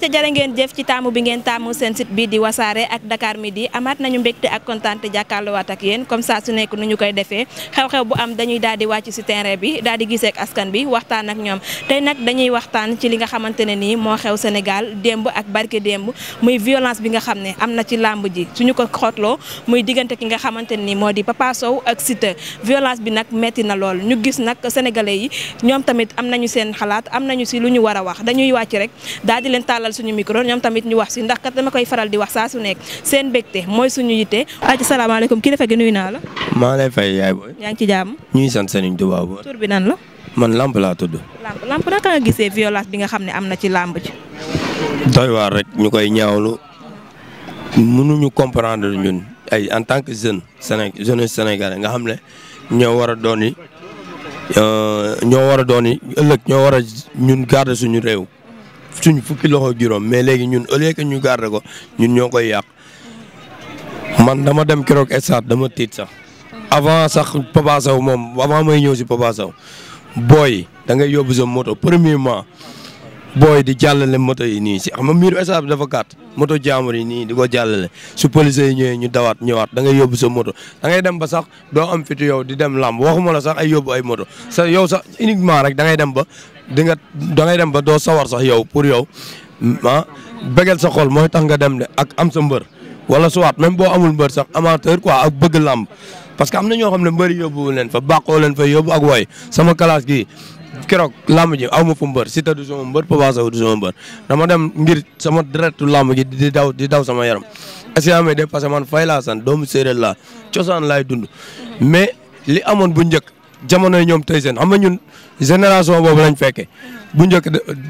acca jërë ngeen jëf ci taamu bi ngeen taamu seen sit bi di wasaare ak Dakar Midi amaat nañu mbégte ak kontaan te jàkkaarloowaat ak yéen comme ça su nekk nu ñu koy defee xew-xew bu am dañuy daal di wàcc si terrain bi daal di gisee askan bi waxtaan ak ñoom tey nag dañuy waxtaan ci li nga xamante ne nii moo xew Sénégal démb ak barke démb muy violence bi nga xam ne am na ci làmb ji suñu ko xootloo muy diggante ki nga xamante ne nii moo di Papa Sow ak Siteu violence bi nag metti na lool ñu gis nag sénégalais yi ñoom tamit am nañu seen xalaat am nañu si lu ñu war a wax dañuy wàcc rek suñu micro ñoom tamit ñu wax si ndax kat dama koy faral di wax saa su nekk seen mbégte mooy suñu yitte aci salaamaaleykum kilifa gi nuyu naa la maa lay fay yaay booy yaa ngi ci jàmm ñuy sant Serigne Touba booy tur bi nan la man lamp laa tudd lamp lamp naka nga gisee bi nga xam ne am na ci lamb ji doy waar rek ñu koy ñaawlu mënuñu comprendre ñun ay en tant que jeune Séné jeune sénégalais nga xam ne ñoo war a doon euh, ñoo war a doon yi ñoo war a ñun garder suñu réew suñ fukki loxo juróom mais léegi ñun au lieu ñu garder ko ñun ñoo koy yàq man dama dem keroog stade dama tiit sax avant sax Papa Sow moom avant may ñëw si Papa Sow booy da ngay yóbbu sa moto premièrement booy di jàllale moto yi nii si ama nga miiru dafa gàtt moto jaamur yi nii di ko jàllale su police yi ñëwee ñu dawaat ñëwaat da ngay yóbbu sa moto da ngay dem ba sax doo am fitu yow di dem lamb waxuma la sax ay yóbbu ay moto sax yow sax uniquement rek da ngay dem ba di nga da dem ba doo sawar sax yow pour yow ah bëggal sa xol mooy tax nga dem de ak am sa mbër wala soit même boo amul mbër sax amateur quoi ak bëgg lamb parce que am na ñoo xam ne mbëri yóbbu leen fa bàqoo leen fa yóbbu ak woy sama classe gi keroog làmb ji aw ma fa mbër Siteu du sama mbër Papa Sow du sama mbër dama dem ngir sama deretu lamb ji di daw di daw sama yaram est-ce que de parce que man fay laa san doomu séeréer laa cosaan laay dund mais li amoon bu njëkk jamonoy ñoom tey seen xam nga ñun génération boobu lañ fekkee bu njëkk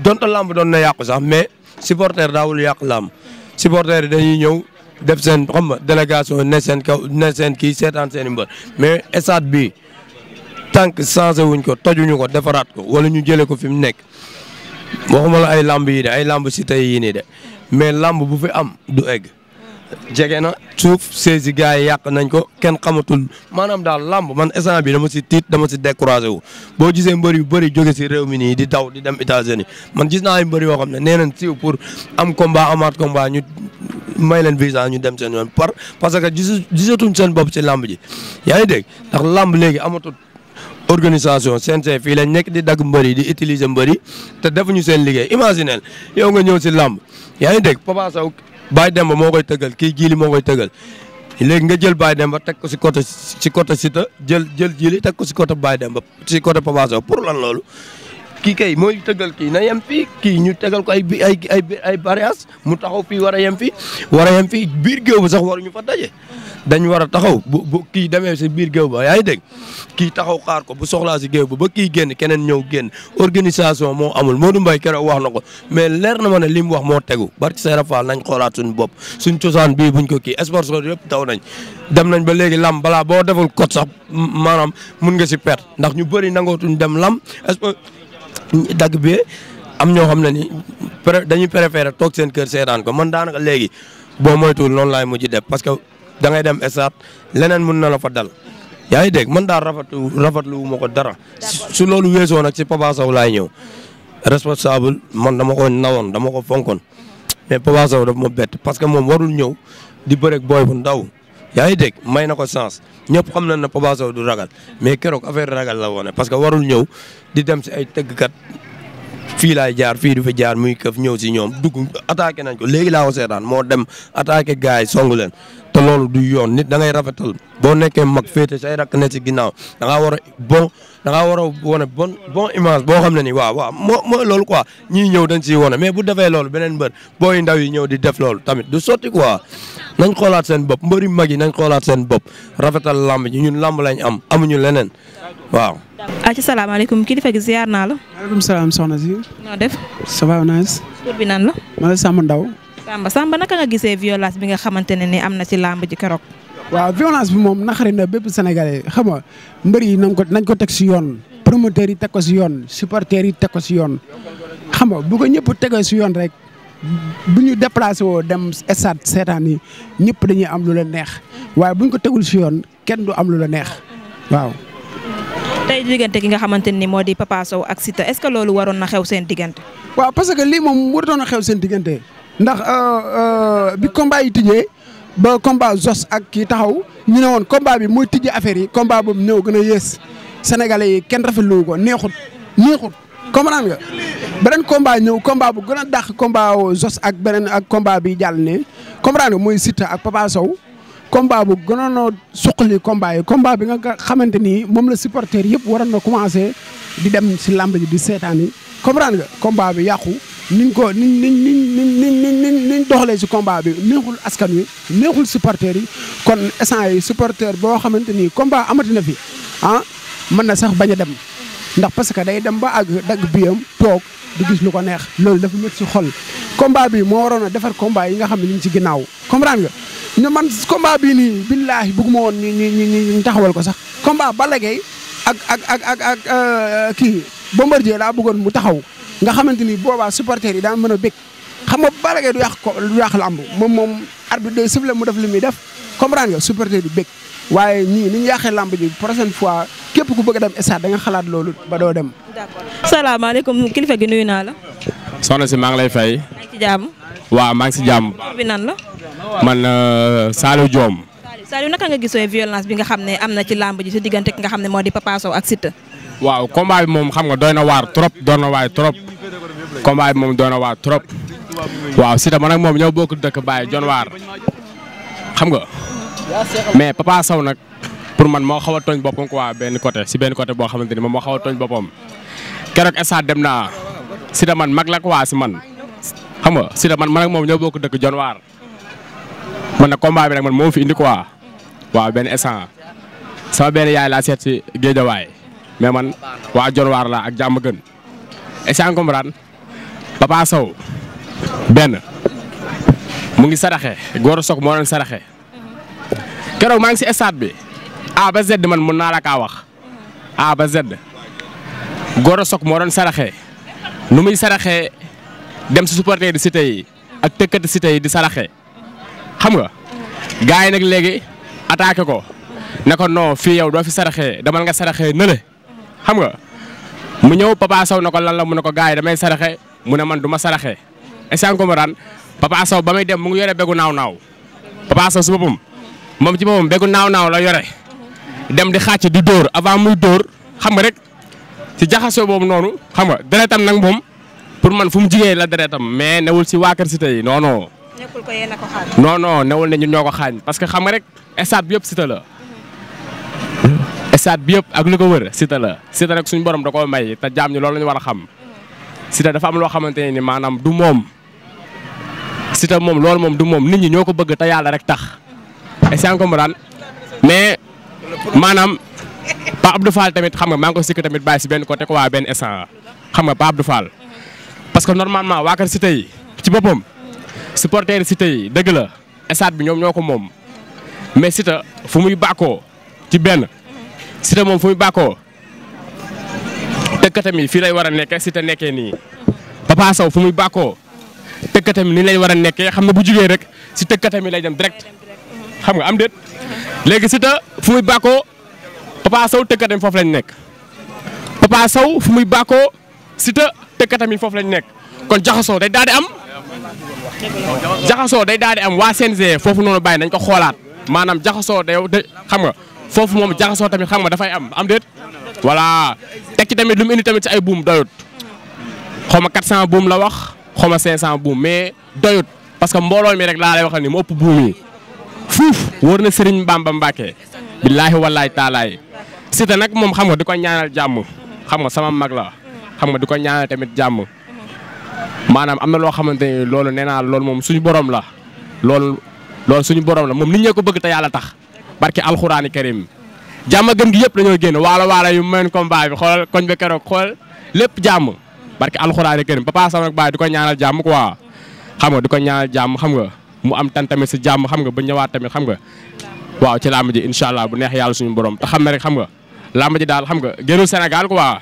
donte làmb doon na yàqu sax mais supporter daawul yàq làmb supporter yi dañuy ñëw def seen xam nga délégation ne seen kaw ne seen kii seetaan seen i mbër mais stade bi tant changé wuñ ko tojuñu ko defaraat ko wala ñu jëlee ko fi mu nekk waxuma la ay làmb yi de ay làmb si tey yii nii de mais làmb bu fi am du egg. jege na suuf saisi gars yàq nañ ko kenn xamatul maanaam daal làmb man instant bi dama si tiit dama si découragé wu boo gisee mbër yu bëri jóge si réew mi nii di daw di dem États-Unis man gis naa ay mbër yoo xam ne nee nañ siiw pour am combat amaat combat ñu may leen visa ñu dem seen yoon par parce que gisu gisatuñ seen bopp si làmb ji yaa ngi dégg ndax làmb léegi amatul organisation CNG fii lañ nekk di dagg mbër yi di utiliser mbër te defuñu seen liggéey imaginel yow nga ñëw si làmb yaa ngi dégg Papa Sow Baye Demba moo koy tëggal kii Jili moo koy tëggal léegi nga jël Baye Demba teg ko si côté si côté Siteu jël jël Jili teg ko si côté Baye Demba si côté Papa pour lan loolu. kii kay mooy tëggal kii na yem fii kii ñu tegal ko ay ay ay ay barrières mu taxaw fii war a yem fii war a yem fii biir géew bi sax waruñu fa daje. dañ war a taxaw bu bu kii demee si biir géew ba yaa ngi dégg kii taxaw xaar ko bu soxlaa si géew ba ba kii génn keneen ñëw génn organisation moo amul Modou Mbaye keroog wax na ko mais leer na ma ne li mu wax moo tegu barki Seera Fall nañ xoolaat suñu bopp suñ cosaan bii buñ ko kii sponsor yëpp taw nañ dem nañ ba léegi lam balaa boo deful code sax maanaam mun nga si perte ndax ñu bëri nangootuñ dem lam dagg bi am ñoo xam ne ni dañuy préféré toog seen kër seetaan ko man daanaka léegi boo moytuwul noonu laay mujj def parce que da ngay dem esaat leneen mun na la fa dal. yaa ngi dégg man daal rafetlu rafetlu wu ma ko dara. su loolu weesoo nag si Papa Sow laay ñëw. responsable man dama ko nawoon dama ko fonkoon mais Papa Sow daf ma bett parce que moom warul ñëw di bëreeg booy bu ndaw. yaa ngi dégg may na ko sens ñëpp xam nañ ne Papa Sow du ragal mais keroog affaire ragal la woone parce que warul ñëw di dem si ay tëggkat fii laay jaar fii du fa jaar muy këf ñëw si ñoom dugg attaqué nañ ko léegi laa ko seetaan moo dem attaqué gars yi songu leen. que loolu du yoon nit da ngay rafetal boo nekkee mag féete say rakk ne ci ginnaaw da war a bon da ngaa a wane bon bon image boo xam ne ni waaw waaw moo moo loolu quoi ñii ñëw dañ ciy wane mais bu defee loolu beneen mbër booy ndaw yi ñëw di def loolu tamit du sotti quoi nañ xoolaat seen bopp mbëri mag yi nañ xoolaat seen bopp rafetal làmb ji ñun làmb lañ am amuñu leneen waaw. ci salaamaaleykum kilifa gi ziar naa la. maaleykum salaam soxna si. noo def. ça va. tur Ndaw Samba Samba naka nga gisee violence bi nga xamante ne ni am na ci làmb ji keroog. waaw violence bi moom naxari na bépp sénégalais xam nga mbër yi nañ ko nañ ko teg si yoon. promoteurs yi teg ko si yoon supporters yi teg ko si yoon xam nga bu ko ñëpp tegee si yoon rek bu ñu déplacé woo dem stade seetaan yi ñëpp dañuy am lu la neex waaye buñ ko tegul si yoon kenn du am lu la neex waaw. tey diggante ki nga xamante ni moo di Papa Sow ak Siteu est-ce que loolu waroon na xew seen diggante. waaw parce xew seen diggante. ndax euh, euh, bi combat yi tijjee ba combat Zos ak kii taxaw ñu ne woon combat bi mooy tijji affaire yi combat boobu ñëw gën a yées sénégalais yi kenn rafetlu ko neexut neexut comprendre nga beneen combat ñëw combat bu gën a dàq combat Zos ak beneen ak combat bi jàll ne comprendre bi mooy Siteu ak Papa Sow combat bu gënoon a suqali combat yi combat bi nga xamante ni moom la supporter yëpp waroon na commencé di dem si làmb ji di seetaan yi comprendre nga combat bi yàqu niñ ko niñ niñ niñ niñ niñ niñ doxalee si combat bi neexul askan wi neexul supporters yi kon instant yi supporter boo xamante ni combat amati na fi ah mën na sax bañ a dem ndax parce que day dem ba àgg dagg biyam toog di gis lu ko neex loolu dafa métti si xol combat bi moo waroon a defar combat yi nga xam ne ñu ngi ci ginnaaw comprendre nga ñu man combat bii nii billaahi bugguma woon ñu ñu ñu taxawal ko sax combat Balla Gaye ak ak ak ak ak euh, kii Bombardier laa bëggoon mu taxaw nga xamante ni boobaa supporters yi daan mën a bég xam nga Balla Gaye du yàq ko du yàq lamb moom moom arbitre day siffler mu def li muy def comprendre nga supporters yi bég waaye nii ni ñu yàqee lamb ji prochaine fois képp ku bëgg dem stade da xalaat loolu ba doo dem. d'accord salaamaaleykum kilifa gi nuyu naa la. soxna si maa ngi lay fay. maa ngi ci waaw maa ngi si jàmm. bi nan la. man euh, Saliou Diome. Saliou naka nga gisee violence bi nga xam ne am na ci làmb ji si diggante ki nga xam ne moo di Papa Sow ak Siteu. waaw moom xam nga doy na waar trop doy na waay trop combat bi moom doon na waa trop waaw Siteu man ak moom ñoo bokk dëkk Baye John waar xam nga mais Papa Sow nag pour man moo xaw a tooñ boppam quoi benn côté si benn côté boo xamante ni moom moo xaw a tooñ boppam keroog stade dem naa Siteu man mag la quoi si man xam nga Siteu man man ak moom ñoo bokk dëkk John waar man nag combat bi nag man moo fi indi quoi waaw benn instant sama benn yaay laa seet si géejawaay mais man waa John waar la ak jàmm gën instant Papa Sow benn mu ngi saraxe Gora Sock moo leen saraxe keroog maa ngi si stade bi A ba Z man mën naa la kaa wax A ba Z Gora Sock moo doon saraxe nu muy saraxe dem si supporter di cité ak tëkkati cité yi di saraxe xam nga gars yi nag léegi attaqué ko ne noo non fii yow doo fi saraxe damal nga saraxe nële xam nga mu ñëw Papa Sow na ko lan la mu ne ko gars yi damay saraxe. mu ne man du ma saraxee est-ce que Papa Sow ba muy dem mu ngi yore begu naaw naaw Papa Sow su boppam moom ci boppam begu naaw naaw la yore dem di xàcc di dóor avant mu dóor xam nga rek si jaxasoo boobu noonu xam nga deretam nag moom pour man fu mu jigee la deretam mais newul si waa Kër Cité yi non non. nekkul ko yéen a ko xaañ. newul ne ñoo ko xaañ parce que xam nga rek stade bi yëpp Cité la. stade bi yëpp ak lu ko wër Cité la Cité rek suñu borom da koo may te jaam ñu loolu la ñu war a xam. Siteu dafa am loo xamante ne ni maanaam du moom Siteu moom loolu moom du moom nit ñi ñoo ko bëgg te yàlla rek tax est-ce que comprendre mais maanaam Pape Abdou Fall tamit xam nga maa ngi ko sikk tamit bàyyi si benn côté ko waa benn instant xam nga Pape Abdou Fall. parce que normalement waa kër Siteu ci boppam supporter Siteu yi dëgg la stade bi ñoom ñoo ko moom mais Siteu fu muy bàkkoo ci benn Siteu moom fu muy bàkkoo tëkkatam yi fii lay war a nekke si te nekkee nii Papa fu muy bàkkoo tëkkatam yi nii lay war a nekkee xam ne bu jugee rek si tëkkatam lay dem direct xam nga am déet léegi si ta fu muy bàkkoo Papa foofu lañ nekk Papa Sow fu muy bàkkoo si ta foofu lañ nekk kon jaxasoo day daal di am jaxasoo day daal di am waa CNG foofu noonu bàyyi nañ ko xoolaat maanaam jaxasoo day xam nga foofu moom jaxasoo tamit xam nga dafay am am déet voilà tek ci tamit lu mu indi tamit si ay buum doyut xaw ma 400 buum la wax xaw ma 500 buum mais doyut parce que mbooloo mi rek laa lay waxal ni mu ëpp buum yi fuuf wóor na Serigne Bamba Mbacke billaahi wallaay taalaay Siteu nag moom xam nga di ko ñaanal jàmm xam nga sama mag la xam nga di ko ñaanal tamit jàmm maanaam am na loo xamante ni loolu nee naa loolu moom suñu borom la loolu loolu suñu borom la moom nit ñee ko bëgg te yàlla tax barki alxuraani karim jàmm gën gi yëpp dañoo génn waala waala yu mën combat bi xoolal koñ ba keroog xool lépp jàmm barke alxuraani karim papa sama ak baay di ko ñaanal jàmm quoi xam nga di ko ñaanal jàmm xam nga mu am tan tamit si jàmm xam nga ba ñëwaat tamit xam nga waaw ci làmb ji incha allah bu neex yàlla suñu borom te xam na rek xam nga làmb ji daal xam nga génnul Sénégal quoi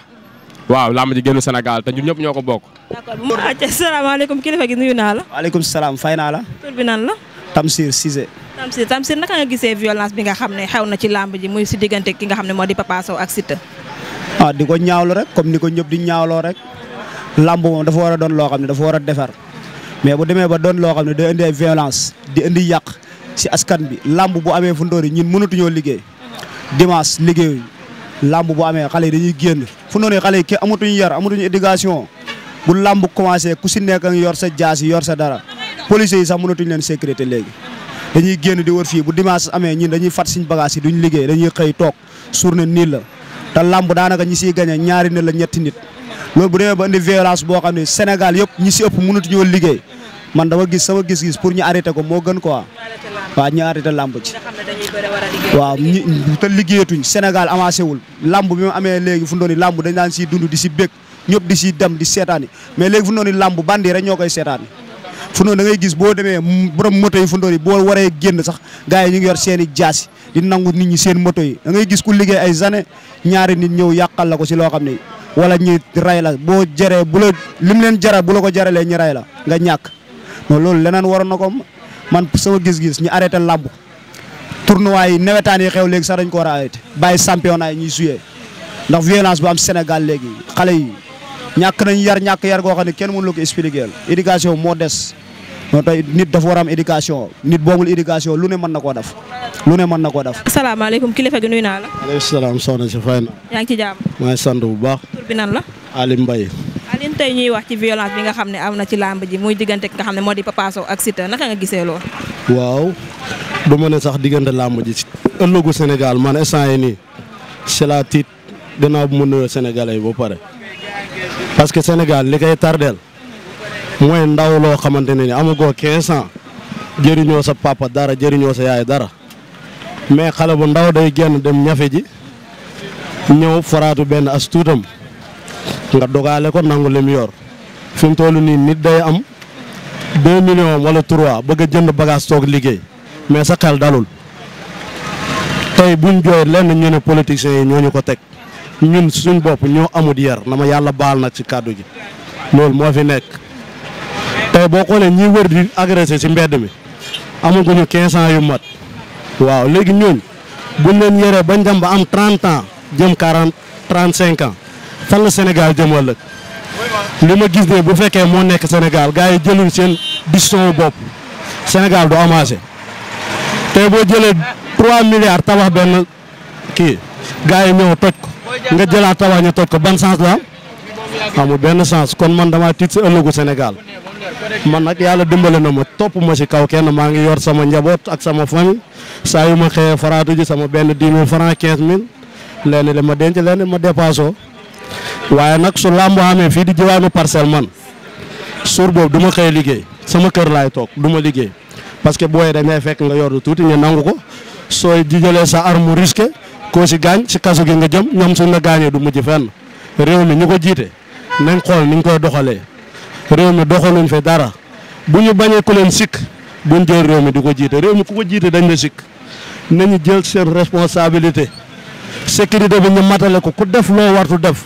waaw làmb ji génnul Sénégal te ñun ñëpp ñoo ko bokk. d'accord salaamaaleykum kilifa gi nuyu naa salaam fay naa la. tur bi nan Tamsir Tamsir naka nga gisee violence bi nga xam ne xew na ci làmb ji muy si diggante ki nga xam ne moo di Papa Sow ak Siteu. ah di ko ñaawlu rek comme ni ko ñëpp di ñaawloo rek làmb moom dafa war a doon loo xam ne dafa war a defar mais bu demee ba doon loo xam ne day indi ay violence di indi yàq si askan bi làmb bu amee fu ndóori ñun mënatuñoo liggéey dimanche liggéey làmb bu amee xale yi dañuy génn fu noonu xale yi ke amatuñu yar amatuñu éducation bu làmb commencé ku si yor sa jaas yor sa dara police sax mënatuñ leen sécurité léegi. dañuy génn di wër fii bu dimanche amee ñun dañuy fat suñ bagage yi duñ liggéey dañuy xëy toog na nii la te làmb daanaka ñi siy gañee ñaari nit la ñetti nit loolu bu demee ba indi violence boo xam ne Sénégal yëpp ñi si ëpp mënut ñoo liggéey man dama gis sama gis-gis pour ñu arrêté ko moo gën ko waaw ñu arrêté làmb ji waaw ñi te liggéeyatuñ Sénégal avancé wul làmb bi mu amee léegi fu doon làmb dañ daan siy dund di si bég ñëpp di si dem di seetaan mais léegi fu làmb bandi rek ñoo koy seetaani fundoor da gis boo demee borom moto yi fundoor yi boo waree génn sax gars yi ñu ngi yor seen i jaas di nangu nit ñi seen moto yi da gis ku liggéey ay zane ñaari nit ñëw yàqal la ko si loo xam ne wala ñi ray la boo jëree bu la lim leen jara bu la ko jaralee ñu ray la nga ñàkk non loolu leneen waroon na ko man sama gis-gis ñu arrêté làmb tournoi yi nawetaan yi xew léegi sax dañ ko war a arrêté bàyyi championnat yi ñuy suyee ndax violence bu am Sénégal léegi xale yi ñàkk nañ yar ñàkk yar goo xam ne kenn mënu la ko expliquer éducation moo des non tey nit dafa war am éducation nit boomul éducation lu ne mën na koo def lu ne mën na koo def. asalaamaaleykum kilifa gi nuyu naa la. maaleykum salaam soxna si fay na. yaa ngi ci jàmm. maa ngi sant bu baax. tur bi nan la. Ali ñuy wax ci violence bi nga xam ne am na ci làmb ji muy diggante nga xam ne moo di Papa Sow ak Siteu naka nga gisee loolu. waaw du ma ne sax diggante làmb ji. ëllëgu Sénégal man instant nii c'est tiit gannaaw bu mu nuyoo Sénégalais yi ba pare parce que Sénégal li koy tardeel mooy ndaw loo xamante ne ni amagoo 15 ans jëriñoo sa papa dara jëriñoo sa yaay dara mais xale bu ndaw day génn dem ñafe ji ñëw faraatu benn as tuutam nga dogaale ko nangu lim yor fi mu nii nit day am 2 millions wala 3 bëgg a jënd bagage toog liggéey mais sa xel dalul tey buñ jooy lenn ñu ne politiciens yi ñoo ko teg ñun suñ bopp ñoo amut yar na ma yàlla baal nag ci kàddu ji loolu moo fi nekk. tey boo xoolee ñiy wër di agressé si mbedd mi amaguñu 15 ans yu mat waaw léegi ñooñ buñ leen yoree bañ dem ba am 30 ans jëm 40 35 ans fan la Sénégal jëm ëllëg li ma gis de bu fekkee moo nekk senegal gars yi jëluñ seen décision bopp Sénégal du avancé tey boo jëlee 3 milliards tabax benn kii gars yi ñëw toj ko nga jëlaa tabax ñu toj ko ban sens la amul benn sens kon man damaa tiit si ëllëgu Sénégal. man nag yàlla dimbale na ma topp ma si kaw kenn maa ngi yor sama njaboot ak sama famille saa yu ma xëyee faraatu ji sama benn dix mille franc quinze mille lenn li ma denc lenn ma dépassoo waaye nag su làmb amee fii di jiwaanu parcelle man suur boobu du ma xëy liggéey sama kër laay toog du ma liggéey parce que booy dañ lay fekk nga yor lu tuuti nga nangu ko sooy jijalee sa arme risqué koo si gaañ si kaso gi nga jëm ñoom suñ nga gaañee du mujj fenn réew mi ñu ko jiite nañ xool ni ñu koy doxalee. réew mi doxaluñ fi dara bu ñu bañee ku leen sikk buñ jël réew mi di ko jiite réew mi ku ko jiite dañ la sikk nañu jël seen responsabilité sécurité bi ñu matale ko ku def loo wartu def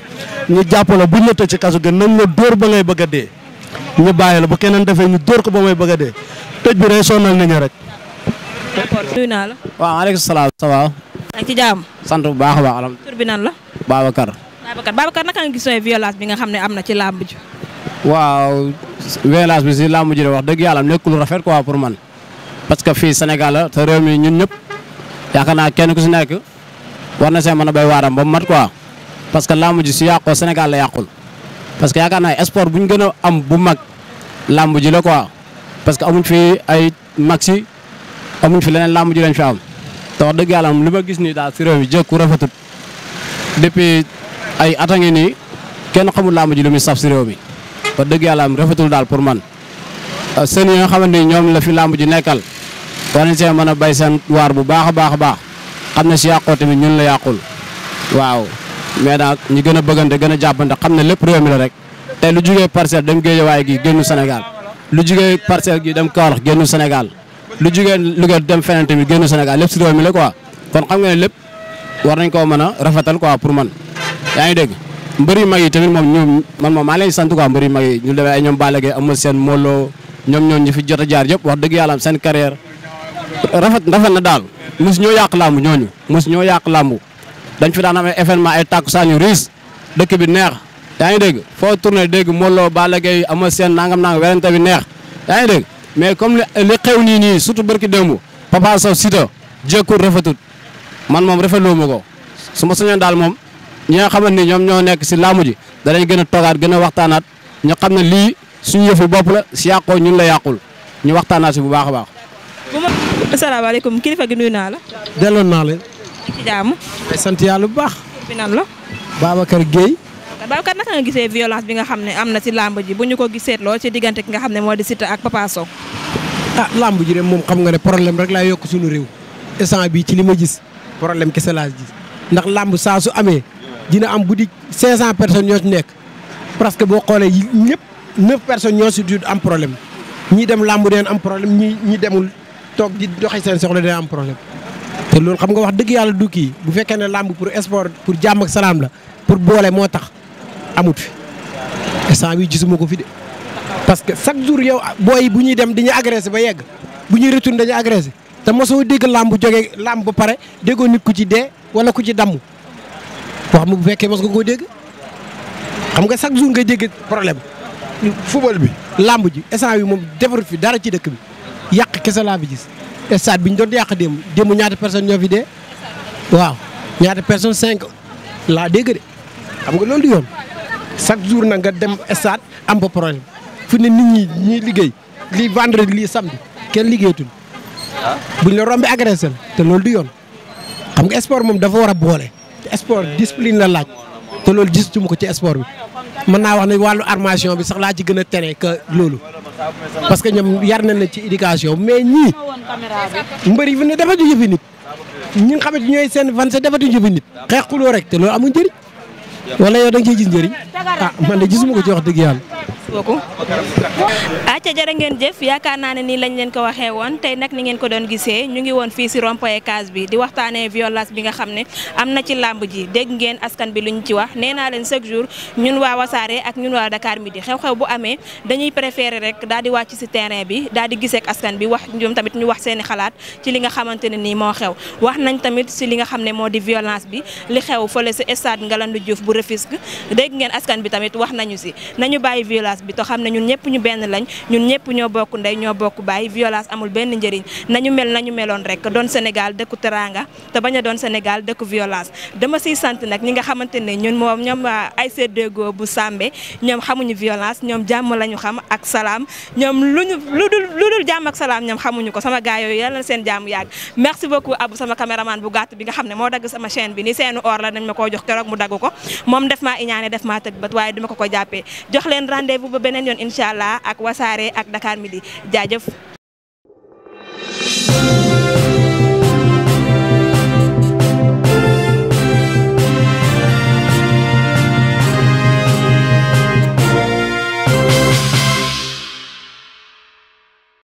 ñu jàppale bu ñu tëj ci kasu gën nañ la dóor ba ngay bëgg a dee ñu bàyyi la bu keneen defee ñu dóor ko ba may bëgg a dee tëj bi day sonal nit rek. nuyu naa la. waaw maaleykum salaam ça va. ak ci jàmm. sant bu baax a baax. tur bi la. Babacar. Babacar Babacar naka nga bi nga xam ne am na ci làmb ji. waaw violence bi si laa la wax dëgg yàlla nekkul rafet quoi pour man parce que fii Sénégal la te réew mi ñun ñëpp yaakaar naa kenn ku si nekk war na see mën na bay waaram ba mu mat quoi parce que làmb ji su yàqoo Sénégal la yàqul parce que yaakaar naa sport bu ñu gën a am bu mag làmb ji la quoi parce que amuñ fi ay maxi amuñ fi leneen làmb ji lañ fi am te wax dëgg yàlla li ma gis nii daal si réew mi jëkku rafetut depuis ay at a ngi nii kenn xamul làmb ji lu muy saf si réew mi. ba dëgg yàlla am rafetul daal pour man euh, seen yi nga xamante ni ñoom la fi làmb ji nekkal war nañ see mën a bay seen waar bu baax a baax a baax xam ne si yàqoo tamit ñun la yàqul waaw mais nag ñi gën a bëggante gën a jàppante xam ne lépp réew mi la rek te lu jugee parcelle dem géejawaay gi génnu Sénégal lu jugee parcelle gi dem Kaolack génnu Sénégal lu jugee Louga dem feneen tamit génnu Sénégal lépp si réew mi la quoi kon xam nga lépp war nañ koo mën a rafetal quoi pour man yaa ngi dégg mbër mbëri mag yi tamit moom man moom maa leen sant quoi yi mag yi ñu demee ay ñoom bala Gaye amul seen molo ñoom ñoom ñi fi jot a jaar yëpp wax dëgg yàlla am seen carrière rafet rafet na daal mos ñoo yàq làmb ñooñu mos ñoo yàq làmb dañ fi daan am ay événement ay tàkkusaan dëkk bi neex yaa ngi dégg foo tourné dégg Molo Balla Gaye amul seen nangam nangam werante bi neex yaa ngi dégg mais comme li xew nii nii surtout barki démb Papa Sow Siteu jékku rafetut man moom rafetloo ma ko su ma sañoon daal moom ñi nga xamante ni ñoom ñoo nekk si laamu ji danañ gën a toogaat gën a waxtaanaat ñu xam ne lii suñu yëfu bopp la si yàqoo ñun la yàqul ñu waxtaanaat si bu baax a baax. asalaamaaleykum kilifa gi nuyu naa la. delloo naa la. ci sant yàlla bu baax. bi nan la. Babacar Guèye. Babacar naka nga gisee violence bi nga xam ne am na si làmb ji bu ñu ko gisee lool ci diggante ki nga xam ne moo di Siteu ak Papa Sow. ah làmb ji de moom xam nga ne problème rek laa yokk suñu réew. instant bii ci li ma gis problème kese laa gis ndax làmb saa su amee dina am bu di 500 personnes ñoo ci nekk parce que boo xoolee ñëpp 9 personnes ñoo si am problème ñi dem làmb deen am problème ñi ñi demul toog di doxi seen soxla dina am problème. te loolu xam nga wax dëgg yàlla du kii bu fekkee ne làmb pour sport pour jàmm ak salaam la pour boole moo tax amut fi instant bi gisuma ko fi de. parce que chaque jour yow booy bu ñuy dem dañuy agressé ba yegg bu ñuy retourné dañu agressé te mosoo dégg làmb jógee làmb ba pare déggoo nit ku ci dee wala ku ci damm. wax mu bu fekkee mos nga koo dégg xam nga chaque jour nga dégg problème football bi làmb ji instant bi moom defarut fi dara ci dëkk bi yàq kese laa fi gis stade bi ñu doon yàq démb démb ñaata personne ñoo fi dee waaw ñaata personne cinq laa dégg de xam nga loolu du yoon chaque jour na nga dem stade am ba problème fu ne nit ñi ñuy liggéey lii vendredi lii samedi kenn liggéeyatul ah. buñ la rombi agressé te loolu du yoon xam nga sport moom dafa war a boole sport discipline la laaj te loolu gisatuma ko ci sport bi mën naa wax ne wàllu armation bi sax laa ci gën a tere que loolu parce que ñoom yar nañ la ci éducation mais ñii mbëri fi ne defatu yëfi nit ñi nga xamante ñooy seen fan sa defatu yëfi nit xeex xuloo rek te loolu amul njëriñ wala yow da nga ciy gis njëriñ ah man de gisuma ko ci wax acca jërë ngeen jëf yaakaar naa ne nii lañ leen ko waxee woon tey nag ni ngeen ko doon gisee ñu ngi woon fii si rond case bi di waxtaanee violence bi nga xam ne am na ci làmb ji dégg ngeen askan bi lu ñu ci wax nee naa leen chaque jour ñun waa wasaare ak ñun waa Dakar Midi xew-xew bu amee dañuy préféré rek dal di wàcc si terrain bi daal di giseek askan bi wax ñoom tamit ñu wax seeni xalaat ci li nga xamante ne nii moo xew wax nañ tamit si li nga xam ne moo di violence bi li xew fële si stade Ngalandou Diouf bu Rufisque dégg askan bi tamit wax nañu si nañu bàyyi bi te xam a ñun ñëpp ñu benn lañ ñun ñëpp ñoo bokk ñoo bokk bàyyi violence amul benn njëriñ nañu mel nañu meloon rek doon Sénégal dëkku teraanga te bañ a doon Sénégal dëkku violence dama si sant nag ñi nga xamante ne ñun moom ñoom ah, ay seddéegoo bu Sambé ñoom xamuñu violence ñoom jàmm lañu xam ak salaam ñoom luñu lu dul lu dul jàmm ak salaam ñoom xamuñu ko sama gaay yooyu yal na seen jàmm yàgg merci beaucoup Abou sama caméraman bu gàtt bi nga xam ne moo dagg sama chaîne bi ni seenu or la dañ ma koo jox keroog mu dagg ko moom def maa iñaane def maa tëgg bët waaye duma ko ko jàppee jox leen rendez-vous ba beneen yoon incha allah ak wasaare ak Dakar midi jaajëf.